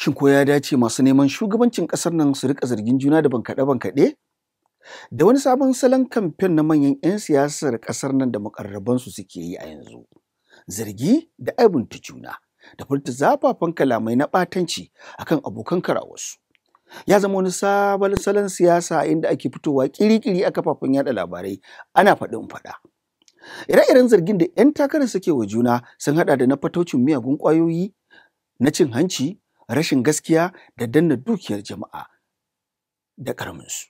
Shin ko ya dace masu neman shugabancin ƙasar nan su rika zargin juna da bankaɗe-bankaɗe? Da wani sabon salon kamfen na manyan 'yan siyasar ƙasar nan da makarrabansu suke yi a yanzu. Zargi da aibunta juna da furta zafafan kalamai na ɓatanci akan abokan karawarsu. Ya zama wani sabon salon siyasa inda ake fitowa kiri-kiri a kafafen yada labarai ana faɗin faɗa. Ire-iren zargin da 'yan takarar suke wa juna sun haɗa da na fataucin miyagun ƙwayoyi, na cin hanci, rashin gaskiya da danna dukiyar jama'a da ƙaraminsu.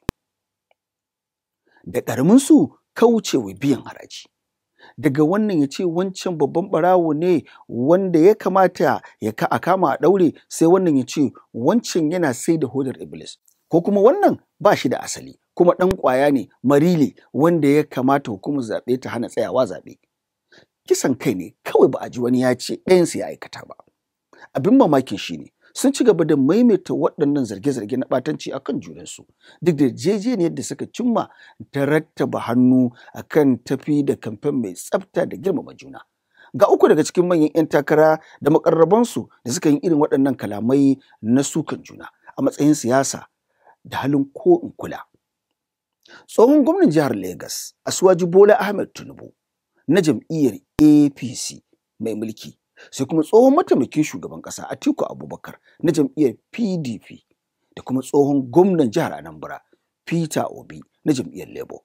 Da ƙaraminsu wa biyan haraji. Daga wannan ya ce wancan babban barawo ne wanda ya kamata ya ka a kama a ɗaure sai wannan ya ce wancan yana sai da hodar Iblis. Ko kuma wannan ba shi da asali kuma ɗan ƙwaya ne marili wanda ya kamata hukumar zaɓe ta hana tsayawa zaɓe. Kisan kai ne kawai ba a ji wani ya ce ɗayansu ya aikata ba. Abin mamakin shi ne sun ci gaba da maimaita waɗannan zarge-zarge na ɓatanci a kan junansu duk da yarjejeniyar da suka cimma ta rattaba hannu a kan tafi da kamfen mai tsafta da girmama juna ga uku daga cikin manyan 'yan takara da makarrabansu da suka yi irin waɗannan kalamai na sukan juna a matsayin siyasa da halin ko in kula tsohon gwamnan jihar lagos asuwaji bola ahmed tinubu na jam'iyyar apc mai mulki sai kuma tsohon mataimakin shugaban ƙasa Atiku Abubakar na jam'iyyar PDP da kuma tsohon gwamnan jihar Anambra Peter Obi na jam'iyyar Labour.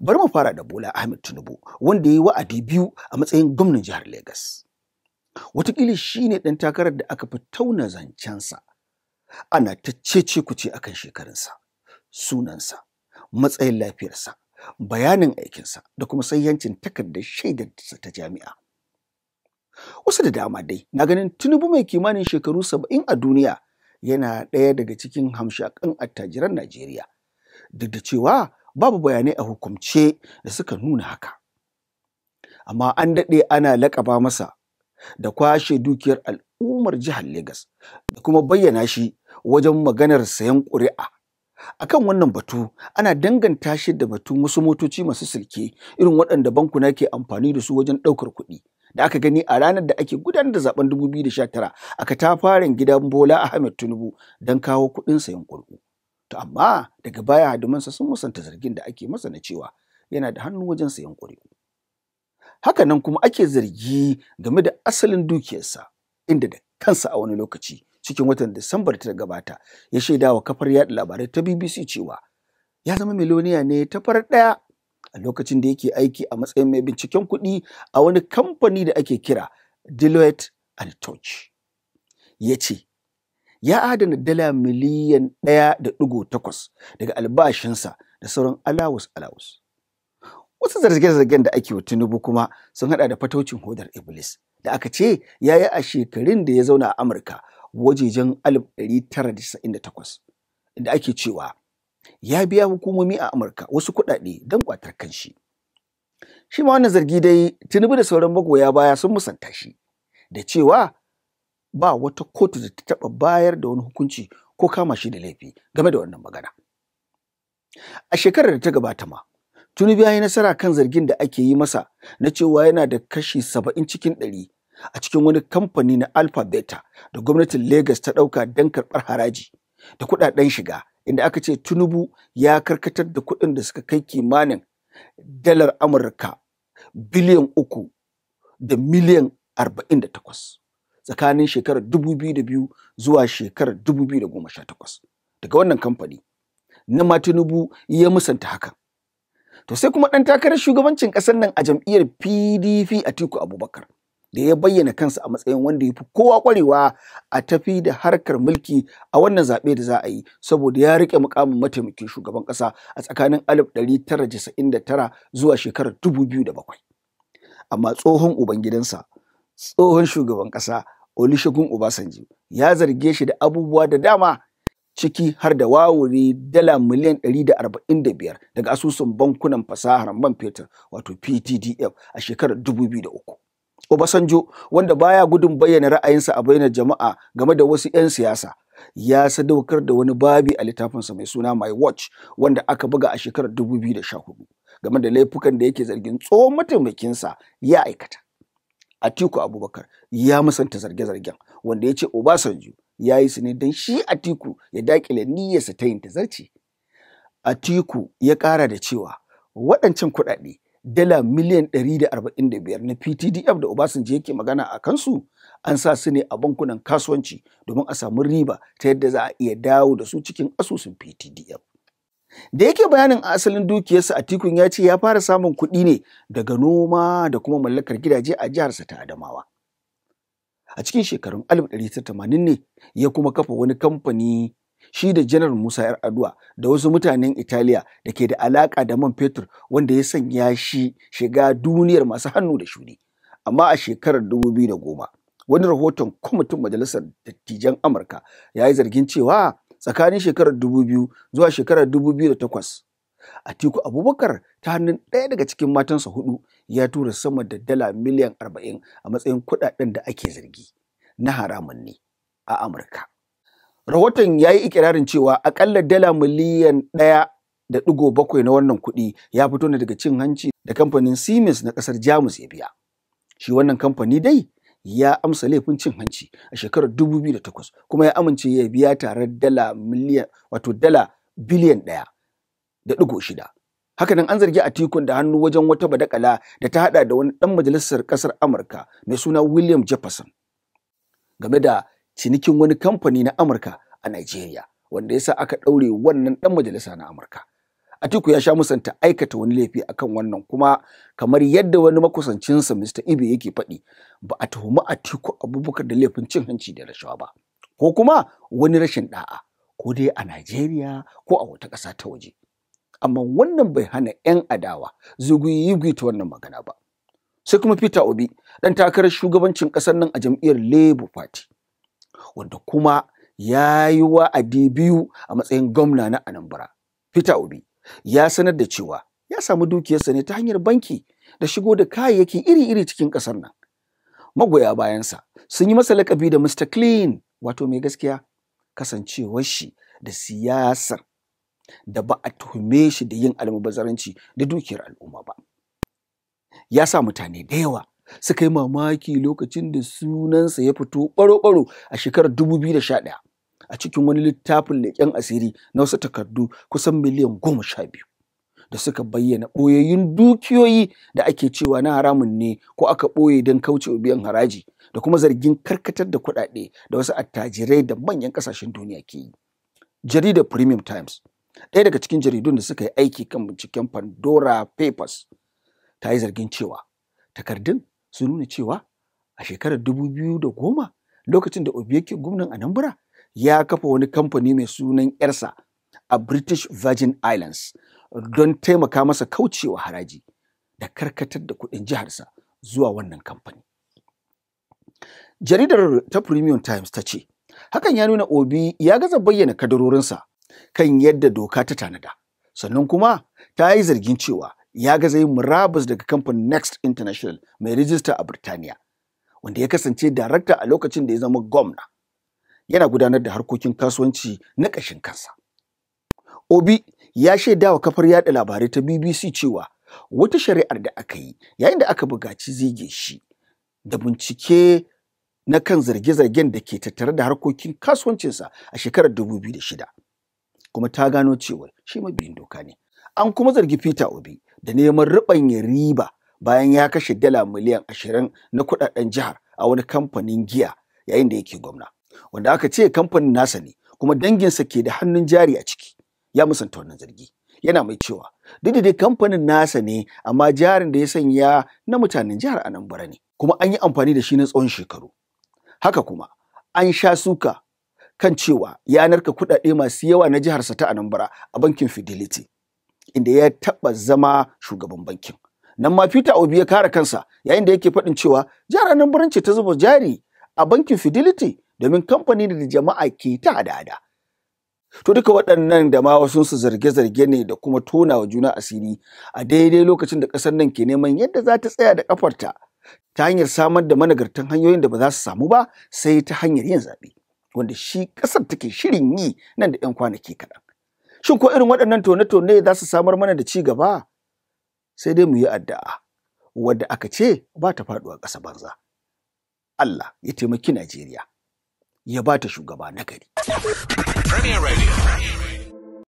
Bari mu fara da Bola Ahmed Tinubu wanda ya yi wa'adi biyu a matsayin gwamnan jihar Legas. wata shi ne ɗan takarar da aka fi tauna zancensa ana ta cece kuce akan shekarunsa, sunansa, matsayin lafiyarsa, bayanin aikinsa da kuma sayyancin takardar shaidarsa ta jami'a. Wasu da dama dai na ganin Tinubu mai kimanin shekaru saba'in a duniya yana ɗaya daga cikin hamshakan attajiran Najeriya. Duk da cewa babu bayanai a hukumce da suka nuna haka. Amma an daɗe ana laƙaba masa da kwashe dukiyar al'ummar jihar Legas da kuma bayyana shi wajen maganar sayan ƙuri'a. Akan wannan batu ana danganta shi da batun wasu motoci masu silke irin waɗanda bankuna ke amfani da su wajen ɗaukar kuɗi da aka gani a ranar da ake gudanar da zaben 2019 a ta farin gidan Bola Ahmed Tinubu don kawo kuɗin sayan kurku. To amma daga baya hadumansa sun musanta zargin da ake masa na cewa yana da hannu wajen sayan kuri'u. Hakanan kuma ake zargi game da asalin dukiyarsa inda da kansa a wani lokaci cikin watan Disambar ta gabata ya shaida wa kafar yaɗa labarai ta BBC cewa ya zama miloniya ne ta farar ɗaya a lokacin da yake aiki a matsayin mai binciken kuɗi a wani kamfani da ake kira Deloitte and Touch. Ya ce, ya adana dala miliyan ɗaya da ɗigo takwas daga albashinsa da sauran alawus alawus. Wasu zarge-zargen da ake wa Tinubu kuma sun haɗa da fataucin hodar Iblis da aka ce ya yi a shekarun da ya zauna a Amurka wajejen alif 1998 da ake cewa ya biya hukumomi a Amurka wasu kuɗaɗe don kwatar kanshi. Shi ma wannan zargi dai Tinubu da sauran magoya baya sun musanta shi da cewa ba wata kotu da ta taɓa bayar da wani hukunci ko kama shi da laifi game da wannan magana. A shekarar da ta gabata ma, Tinubu ya yi nasara kan zargin da ake yi masa na cewa yana da kashi saba'in cikin ɗari a cikin wani kamfani na Alpha Beta da gwamnatin Legas ta ɗauka don karɓar haraji da kuɗaɗen shiga inda aka ce Tinubu ya karkatar da kuɗin da suka kai kimanin dalar Amurka biliyan uku da miliyan arba'in da takwas tsakanin shekarar dubu biyu da biyu zuwa shekarar dubu biyu da goma sha takwas daga wannan kamfani na ma Tinubu ya musanta haka To sai kuma ɗan takarar shugabancin ƙasar nan a jam'iyyar PDP a Atiku Abubakar da ya bayyana kansa a matsayin wanda ya fi kowa kwarewa a tafi da harkar mulki a wannan zaɓe da za a yi saboda ya rike mukamin mataimakin shugaban ƙasa a tsakanin 1999 zuwa shekarar 2007 amma tsohon ubangidansa tsohon shugaban ƙasa Olusegun Obasanjo ya zarge shi da abubuwa da dama ciki har da wawure dala miliyan 145 daga asusun bankunan fasahar man fetur wato PTDF a shekarar 2003. Obasanjo wanda baya gudun bayyana ra'ayinsa a bainar jama'a game da wasu 'yan siyasa ya sadaukar da wani babi a littafinsa mai suna My Watch wanda aka buga a shekarar 2014 game da laifukan da yake zargin tsohon mataimakinsa ya aikata. Atiku Abubakar ya musanta zarge-zargen wanda ya ce Obasanjo ya yi su ne don shi Atiku ya dakile niyyarsa ta yin tazarci. Atiku ya ƙara da cewa waɗancan kuɗaɗe dala miliyan 145 na PTDF da Obasanjo yake magana a kansu an sa su ne a bankunan kasuwanci domin a samu riba ta yadda za a iya dawo da su cikin asusun PTDF. Da yake bayanin a asalin dukiyarsa a tikun ya ce ya fara samun kuɗi ne daga noma da kuma mallakar gidaje a jihar sa ta Adamawa. A cikin shekarun 1980 ne ya kuma kafa wani kamfani shi da janar musa yar aduwa da wasu mutanen italiya da ke da alaka da man fetur wanda ya sanya shi shiga duniyar masu hannu da shuni amma a shekarar 2010 wani rahoton kwamitin majalisar dattijan amurka ya yi zargin cewa tsakanin shekarar 2000 zuwa shekarar 2008 tiku Abubakar ta hannun ɗaya daga cikin matansa hudu ya tura sama da dala miliyan 40 a matsayin kuɗaɗen da ake zargi na haramun ne a Amurka. Rahoton ya yi ikirarin cewa akalla dala miliyan ɗaya da ɗigo bakwai na wannan kuɗi ya fito ne daga cin hanci da kamfanin Siemens na ƙasar Jamus ya biya. Shi wannan kamfani dai ya amsa laifin cin hanci a shekarar 2008 kuma ya amince ya biya tare dala miliyan wato dala biliyan ɗaya da ɗigo shida. Hakanan an zargi a tikun da hannu wajen wata badakala da ta hada da wani ɗan majalisar ƙasar Amurka mai suna William Jefferson game da cinikin wani kamfani na Amurka a Najeriya wanda ya sa aka ɗaure wannan ɗan majalisa na Amurka. Atiku ya sha musanta aikata wani laifi akan wannan kuma kamar yadda wani makusancinsa Mr. Ibe yake faɗi ba a tuhumi Atiku Abubakar da laifin cin hanci da rashawa ba ko kuma wani rashin ɗa'a, ko dai a Najeriya ko a wata ƙasa ta waje. Amma wannan bai hana 'yan adawa zuguyi ta wannan magana ba. Sai kuma Peter Obi ɗan takarar shugabancin ƙasar nan a jam'iyyar Labour Party wanda kuma ya yi wa'adi biyu a matsayin gwamna na Anambra. Peter Obi ya sanar da cewa ya samu dukiyarsa ne ta hanyar banki da shigo da kayayyaki iri-iri cikin ƙasar nan. Magoya bayansa sun yi masa lakabi da Mr. Clean wato mai gaskiya kasancewar shi da siyasar da ba a tuhume shi da yin almubazaranci da dukiyar al'umma ba. Ya sa mutane da yawa suka yi mamaki lokacin da sunansa ya fito ɓaro-ɓaro a shekarar 2011 a cikin wani littafin leƙen asiri na wasu takardu kusan miliyan goma sha biyu da suka bayyana ɓoyayyun dukiyoyi da ake cewa na haramun ne ko aka ɓoye don kaucewa biyan haraji da kuma zargin karkatar da kuɗaɗe da wasu attajirai da manyan ƙasashen duniya ke yi. Jaridar Premium Times, ɗaya daga cikin jaridun da suka yi aiki kan binciken Pandora Papers, ta yi zargin cewa takardun Su nuna cewa a shekarar dubu biyu da goma lokacin da Obi yake gwamnan Anambra ya kafa wani kamfani mai sunan 'yarsa a British Virgin Islands don taimaka masa kaucewa haraji da karkatar da kuɗin jiharsa zuwa wannan kamfani. Jaridar ta Premium Times ta ce, hakan ya nuna Obi ya gaza bayyana kadarorinsa kan yadda doka ta tanada, sannan kuma ta yi zargin cewa ya ga zai murabus daga kamfanin Next International mai rijista a Birtaniya, wanda ya kasance darakta a lokacin da ya zama gwamna. Yana gudanar da harkokin kasuwanci na ƙashin kansa. Obi ya shaida wa kafar yaɗa labarai ta BBC cewa wata shari'ar da aka yi yayin da aka bugaci zige shi da bincike na kan zarge-zargen da ke tattare da harkokin kasuwancinsa a shekarar dubu biyu da shida." kuma ta gano cewa shi mabiyin doka ne an kuma zargi Peter Obi da neman ruɓanya riba bayan ya kashe dala miliyan ashirin na kuɗaɗen jihar a wani kamfanin giya yayin da yake gwamna wanda aka ce kamfanin nasa ne kuma danginsa ke da hannun jari a ciki ya musanta wannan zargi yana mai cewa duk da dai kamfanin nasa ne amma jarin da ya sanya na mutanen jihar anambra ne kuma an yi amfani da shi na tsawon shekaru haka kuma an sha suka kan cewa ya narka kuɗaɗe masu yawa na jiharsa ta anambra a bankin fidelity inda ya taɓa zama shugaban bankin. Nan ma Peter Obi ya kare kansa yayin da yake faɗin cewa jihar nan birnin ce ta zuba jari a bankin Fidelity domin kamfani da jama'a ke ta hada-hada. To duka waɗannan da ma wasu su zarge-zarge ne da kuma tona wa juna asiri a daidai lokacin da ƙasar nan ke neman yadda za ta tsaya da ƙafarta ta hanyar samar da managartan hanyoyin da ba za su samu ba sai ta hanyar yin zaɓe wanda shi ƙasar take shirin yi nan da 'yan kwanaki kaɗan. Shin ko irin waɗannan tone-tone za su samar mana da ci gaba? Sai dai mu yi addu'a, wadda aka ce ba ta faɗuwa ƙasa banza. Allah ya taimaki Najeriya, ya ba ta shugaba nagari. Premier